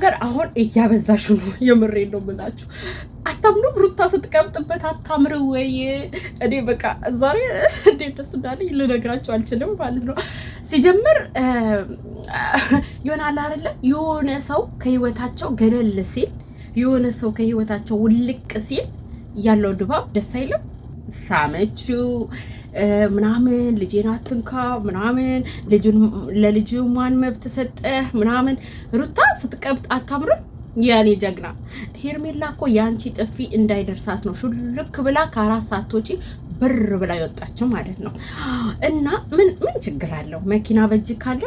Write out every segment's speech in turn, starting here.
ለመናገር አሁን እያበዛሹ ነው። የምሬ ነው ምላችሁ። አታምኑም? ሩታ ስትቀምጥበት አታምር ወይ? እኔ በቃ ዛሬ እንዴት ደስ እንዳለኝ ልነግራችሁ አልችልም ማለት ነው። ሲጀምር ይሆናል አይደለ? የሆነ ሰው ከህይወታቸው ገለል ሲል፣ የሆነ ሰው ከህይወታቸው ውልቅ ሲል ያለው ድባብ ደስ አይልም። ሳመችው ምናምን ልጄን አትንካ ምናምን ለልጁ ማን መብት ሰጠህ ምናምን። ሩታ ስትቀብጥ አታምርም። ያኔ ጀግና ሄርሜላ እኮ የአንቺ ጥፊ እንዳይደርሳት ነው ሹልክ ብላ ከአራት ሰዓት ውጪ ብር ብላ የወጣችው ማለት ነው። እና ምን ምን ችግር አለው? መኪና በእጅ ካለ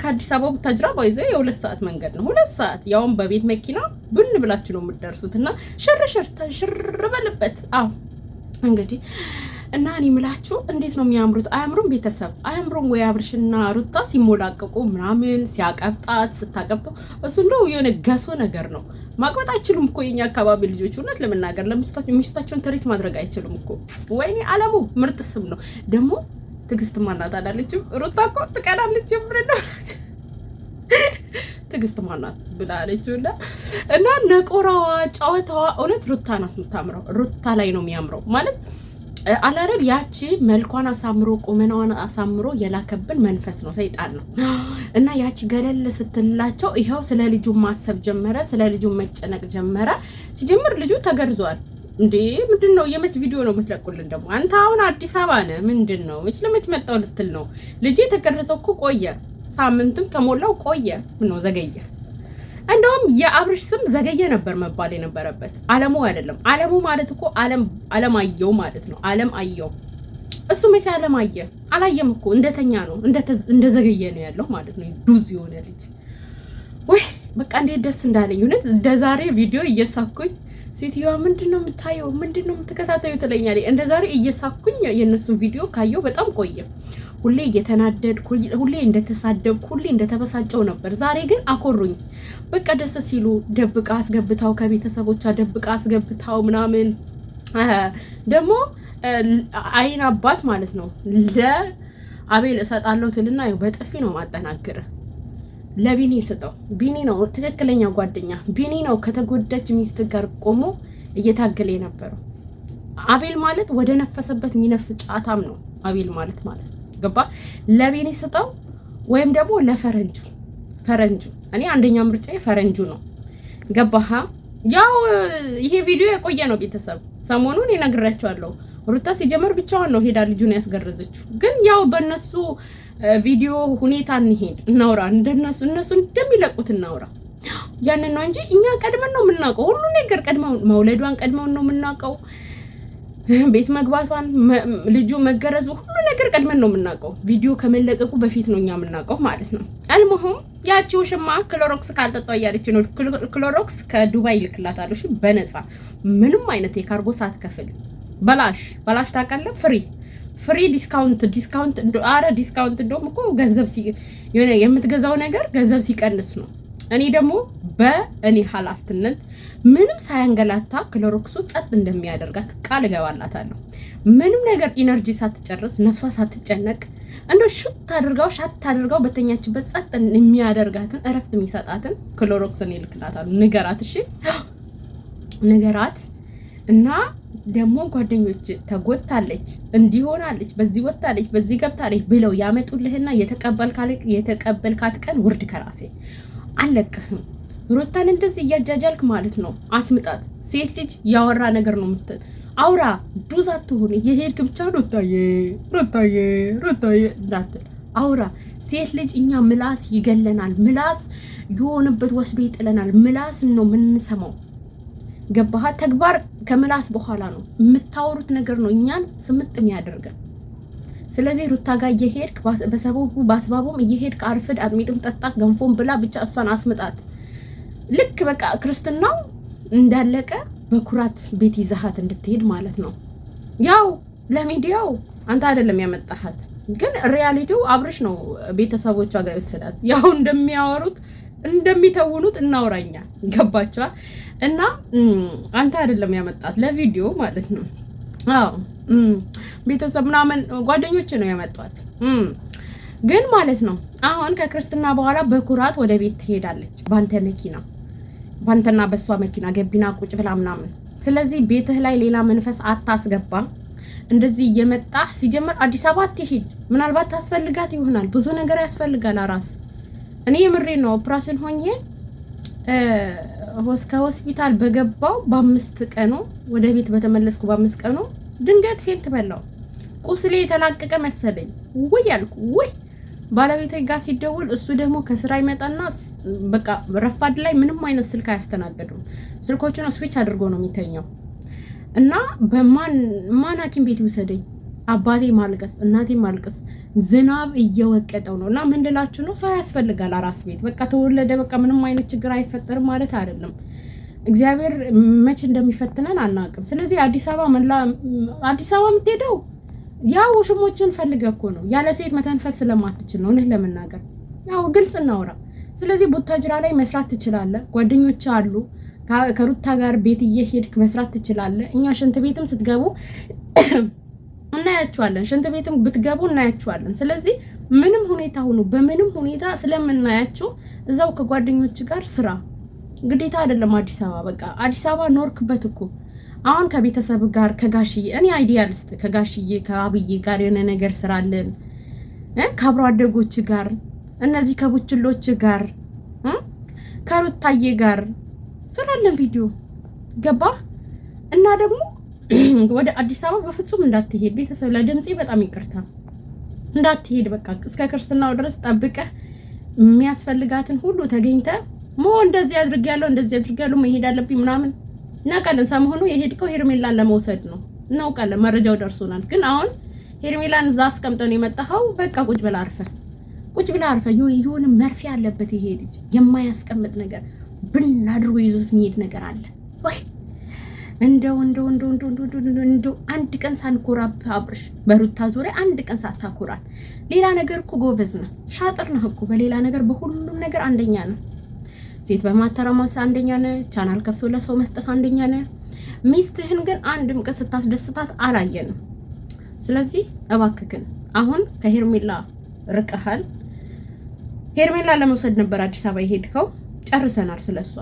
ከአዲስ አበባ ቡታጅራ ባይዘ የሁለት ሰዓት መንገድ ነው። ሁለት ሰዓት ያውም በቤት መኪና ብን ብላችሁ ነው የምትደርሱት። እና ሽርሽር ተንሽር በልበት። አዎ እንግዲህ እና እኔ ምላችሁ እንዴት ነው የሚያምሩት? አያምሩም? ቤተሰብ አያምሩም ወይ? አብርሽና ሩታ ሲሞላቀቁ ምናምን ሲያቀብጣት ስታቀብጠው እሱ እንደው የሆነ ገሶ ነገር ነው። ማቅበጥ አይችሉም እኮ የኛ አካባቢ ልጆች፣ እውነት ለመናገር የሚስታቸውን ትሪት ማድረግ አይችሉም እኮ። ወይኔ አለሙ ምርጥ ስም ነው ደግሞ። ትግስት ማናት አላለችም? ሩታ እኮ ትቀናለች ጀምር ነው ትግስት ማናት ብላለችው እና እና ነቆራዋ ጨዋታዋ እውነት ሩታ ናት የምታምረው። ሩታ ላይ ነው የሚያምረው ማለት አላረል ያቺ መልኳን አሳምሮ ቁመናዋን አሳምሮ የላከብን መንፈስ ነው፣ ሰይጣን ነው። እና ያቺ ገለል ስትላቸው ይኸው ስለ ልጁ ማሰብ ጀመረ፣ ስለ ልጁ መጨነቅ ጀመረ። ሲጀምር ልጁ ተገርዟል። እንዴ ምንድን ነው? የመች ቪዲዮ ነው የምትለቁልን ደግሞ? አንተ አሁን አዲስ አበባ ነህ፣ ምንድን ነው መች ለመች መጣው ልትል ነው? ልጅ የተገረዘው እኮ ቆየ፣ ሳምንትም ከሞላው ቆየ። ምነው ዘገየ? እንደውም የአብርሽ ስም ዘገየ ነበር መባል የነበረበት አለሙ አይደለም። አለሙ ማለት እኮ አለም አየው ማለት ነው። አለም አየው እሱ መቼ አለም አየ? አላየም እኮ እንደተኛ ነው እንደዘገየ ነው ያለው ማለት ነው። ዱዝ የሆነ ልጅ ወይ በቃ እንዴት ደስ እንዳለኝ እውነት እንደዛሬ ቪዲዮ እየሳኩኝ ሴትዮዋ ምንድን ነው የምታየው? ምንድን ነው የምትከታተዩ? ትለኛለች። እንደ ዛሬ እየሳኩኝ የእነሱን ቪዲዮ ካየው በጣም ቆየ። ሁሌ እየተናደድ ሁሌ እንደተሳደብኩ ሁሌ እንደተበሳጨው ነበር። ዛሬ ግን አኮሩኝ። በቃ ደስ ሲሉ ደብቃ አስገብታው ከቤተሰቦቿ ደብቃ አስገብታው ምናምን ደግሞ አይን አባት ማለት ነው ለአቤል እሰጣለሁ ትልና በጥፊ ነው ማጠናግር ለቢኒ ስጠው። ቢኒ ነው ትክክለኛ ጓደኛ፣ ቢኒ ነው ከተጎዳች ሚስት ጋር ቆሞ እየታገለ የነበረው። አቤል ማለት ወደ ነፈሰበት የሚነፍስ ጫታም ነው አቤል ማለት ማለት ገባ። ለቢኒ ስጠው ወይም ደግሞ ለፈረንጁ ፈረንጁ። እኔ አንደኛ ምርጫ ፈረንጁ ነው። ገባሃ ያው ይሄ ቪዲዮ የቆየ ነው። ቤተሰብ ሰሞኑን ይነግራቸዋለሁ። ሩታ ሲጀመር ብቻዋን ነው ሄዳ ልጁን ያስገረዘችው። ግን ያው በእነሱ ቪዲዮ ሁኔታ እንሄድ እናውራ፣ እንደነሱ እነሱ እንደሚለቁት እናውራ። ያንን ነው እንጂ እኛ ቀድመን ነው የምናውቀው። ሁሉ ነገር ቀድመው መውለዷን ቀድመው ነው የምናውቀው። ቤት መግባቷን፣ ልጁ መገረዙ፣ ሁሉ ነገር ቀድመን ነው የምናውቀው። ቪዲዮ ከመለቀቁ በፊት ነው እኛ የምናውቀው ማለት ነው። አልሞሁም ያቺ ውሽማ ክሎሮክስ ካልጠጣ እያለች ነው። ክሎሮክስ ከዱባይ ይልክላታል። እሺ በነፃ ምንም አይነት የካርጎ ሳትከፍል በላሽ በላሽ ታውቃለህ። ፍሪ ፍሪ ዲስካውንት ዲስካውንት አረ ዲስካውንት እንደውም እኮ ገንዘብ ሲ የምትገዛው ነገር ገንዘብ ሲቀንስ ነው። እኔ ደግሞ በእኔ ኃላፊነት ምንም ሳያንገላታ ክሎሮክሱ ጸጥ እንደሚያደርጋት ቃል እገባላታለሁ። ምንም ነገር ኢነርጂ ሳትጨርስ ነፍሷ ሳትጨነቅ እንደ ሹት አድርጋው ሻት አድርጋው በተኛችበት ጸጥ የሚያደርጋትን እረፍት የሚሰጣትን ክሎሮክስ እኔ እልክላታለሁ። ንገራት፣ እሺ ንገራት እና ደግሞ ጓደኞች ተጎታለች፣ እንዲሆናለች፣ በዚህ ወታለች፣ በዚህ ገብታለች ብለው ያመጡልህና የተቀበልካት ቀን ውርድ ከራሴ አለቅህም። ሩታን እንደዚህ እያጃጃልክ ማለት ነው። አስምጣት። ሴት ልጅ ያወራ ነገር ነው ምትል አውራ ዱዝ አትሁን። የሄድክ ብቻ ሩታዬ ሩታዬ ሩታዬ እንዳትል አውራ ሴት ልጅ እኛ ምላስ ይገለናል። ምላስ የሆነበት ወስዶ ይጥለናል። ምላስ ነው የምንሰማው። ገባሃ? ተግባር ከምላስ በኋላ ነው የምታወሩት ነገር ነው እኛን ስምጥ የሚያደርገን። ስለዚህ ሩታ ጋር እየሄድክ በሰበቡ በአስባቡም እየሄድክ አርፍድ አጥሚጥም ጠጣ ገንፎም ብላ ብቻ እሷን አስምጣት። ልክ በቃ ክርስትናው እንዳለቀ በኩራት ቤት ይዛሃት እንድትሄድ ማለት ነው። ያው ለሚዲያው አንተ አይደለም ያመጣሃት፣ ግን ሪያሊቲው አብርሽ ነው ቤተሰቦቿ ጋር ይወሰዳት። ያው እንደሚያወሩት እንደሚተውኑት እናውራኛ ገባቸዋል። እና አንተ አይደለም ያመጣት ለቪዲዮ ማለት ነው። አዎ ቤተሰብ ምናምን ጓደኞች ነው ያመጧት። ግን ማለት ነው አሁን ከክርስትና በኋላ በኩራት ወደ ቤት ትሄዳለች በአንተ መኪና ባንተና በእሷ መኪና ገቢና ቁጭ ብላ ምናምን። ስለዚህ ቤትህ ላይ ሌላ መንፈስ አታስገባ። እንደዚህ እየመጣ ሲጀመር አዲስ አበባ አትሂድ። ምናልባት ታስፈልጋት ይሆናል። ብዙ ነገር ያስፈልጋል። አራስ እኔ የምሬ ነው። ኦፕራሽን ሆኜ ከሆስፒታል በገባው በአምስት ቀኑ ወደ ቤት በተመለስኩ በአምስት ቀኑ ድንገት ፌንት በላው። ቁስሌ የተላቀቀ መሰለኝ። ውይ አልኩ ውይ ባለቤቴ ጋር ሲደውል እሱ ደግሞ ከስራ ይመጣና በቃ ረፋድ ላይ ምንም አይነት ስልክ አያስተናግድም። ስልኮቹን ስዊች አድርጎ ነው የሚተኘው እና በማን ሐኪም ቤት ይውሰደኝ? አባቴ ማልቀስ፣ እናቴ ማልቀስ፣ ዝናብ እየወቀጠው ነው። እና ምን ልላችሁ ነው ሰው ያስፈልጋል አራስ ቤት። በቃ ተወለደ በቃ ምንም አይነት ችግር አይፈጠርም ማለት አይደለም። እግዚአብሔር መች እንደሚፈትነን አናውቅም። ስለዚህ አዲስ አበባ አዲስ አበባ የምትሄደው ያ ውሽሞችን ፈልገ እኮ ነው ያለ ሴት መተንፈስ ስለማትችል ነው። እውነት ለመናገር ያው ግልጽ እናውራ። ስለዚህ ቡታጅራ ላይ መስራት ትችላለ ጓደኞች አሉ። ከሩታ ጋር ቤት እየሄድክ መስራት ትችላለ። እኛ ሽንት ቤትም ስትገቡ እናያችኋለን፣ ሽንት ቤትም ብትገቡ እናያችኋለን። ስለዚህ ምንም ሁኔታ ሁኑ፣ በምንም ሁኔታ ስለምናያችሁ እዛው ከጓደኞች ጋር ስራ ግዴታ አይደለም። አዲስ አበባ በቃ አዲስ አበባ ኖርክበት እኮ አሁን ከቤተሰብ ጋር ከጋሽዬ እኔ አይዲያልስት ከጋሽዬ ከአብዬ ጋር የሆነ ነገር ስራለን ከአብሮ አደጎች ጋር እነዚህ ከቡችሎች ጋር ከሩታዬ ጋር ስራለን ቪዲዮ ገባ እና ደግሞ ወደ አዲስ አበባ በፍጹም እንዳትሄድ ቤተሰብ ለድምፄ በጣም ይቅርታ እንዳትሄድ በቃ እስከ ክርስትናው ድረስ ጠብቀህ የሚያስፈልጋትን ሁሉ ተገኝተ ሞ እንደዚህ ያለው እንደዚህ ያለው መሄድ አለብኝ ምናምን እናውቃለን። ሰሞኑ የሄድከው ሄርሜላን ለመውሰድ ነው እናውቃለን፣ መረጃው ደርሶናል። ግን አሁን ሄርሜላን እዛ አስቀምጠን የመጣኸው በቃ ቁጭ ብላ አርፈ ቁጭ ብላ አርፈ የሆነ መርፌ ያለበት ይሄ ልጅ የማያስቀምጥ ነገር ብን አድርጎ ይዞት የሚሄድ ነገር አለ ወይ? እንደው እንደው እንደው እንደው እንደው እንደው አንድ ቀን ሳንኮራብ አብርሽ በሩታ ዙሪያ አንድ ቀን ሳታኮራል። ሌላ ነገር እኮ ጎበዝ ነው፣ ሻጥር ነው እኮ በሌላ ነገር በሁሉም ነገር አንደኛ ነው። ሴት በማተራማስ አንደኛ ነ ቻናል ከፍቶ ለሰው መስጠት አንደኛ ነ ሚስትህን ግን አንድም ቀን ስታስደስታት አላየንም። ስለዚህ እባክክን አሁን ከሄርሜላ ርቀሃል። ሄርሜላ ለመውሰድ ነበር አዲስ አበባ የሄድከው። ጨርሰናል ስለሷ።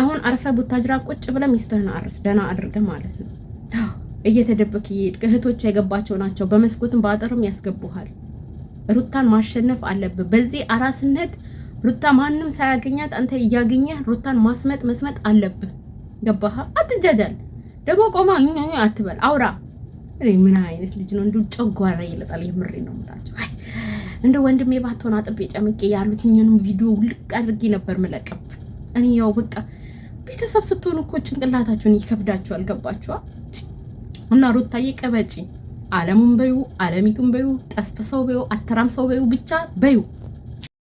አሁን አርፈ ቡታጅራ ቁጭ ብለ ሚስትህን አርስ፣ ደህና አድርገ ማለት ነው። እየተደበክ እየሄድክ እህቶቿ የገባቸው ናቸው። በመስኮትም በአጥርም ያስገቡሃል። ሩታን ማሸነፍ አለብህ። በዚህ አራስነት ሩታ ማንም ሳያገኛት አንተ እያገኘህ ሩታን ማስመጥ መስመጥ አለብህ። ገባህ? አትጃጃል። ደግሞ ቆማ አትበል፣ አውራ። እኔ ምን አይነት ልጅ ነው እንዲሁ ጨጓራ ይለጣል። የምሬ ነው የምላቸው። እንደ ወንድሜ ባትሆን አጥቤ ጨምቄ ያሉት እኛንም ቪዲዮ ልቅ አድርጌ ነበር ምለቅብ። እኔ ያው በቃ ቤተሰብ ስትሆን እኮ ጭንቅላታችሁን ይከብዳችሁ አልገባችኋ? እና ሩታዬ ቅበጪ፣ አለሙን በዩ፣ አለሚቱን በዩ፣ ጠስት ሰው በዩ፣ አተራም ሰው በዩ፣ ብቻ በዩ።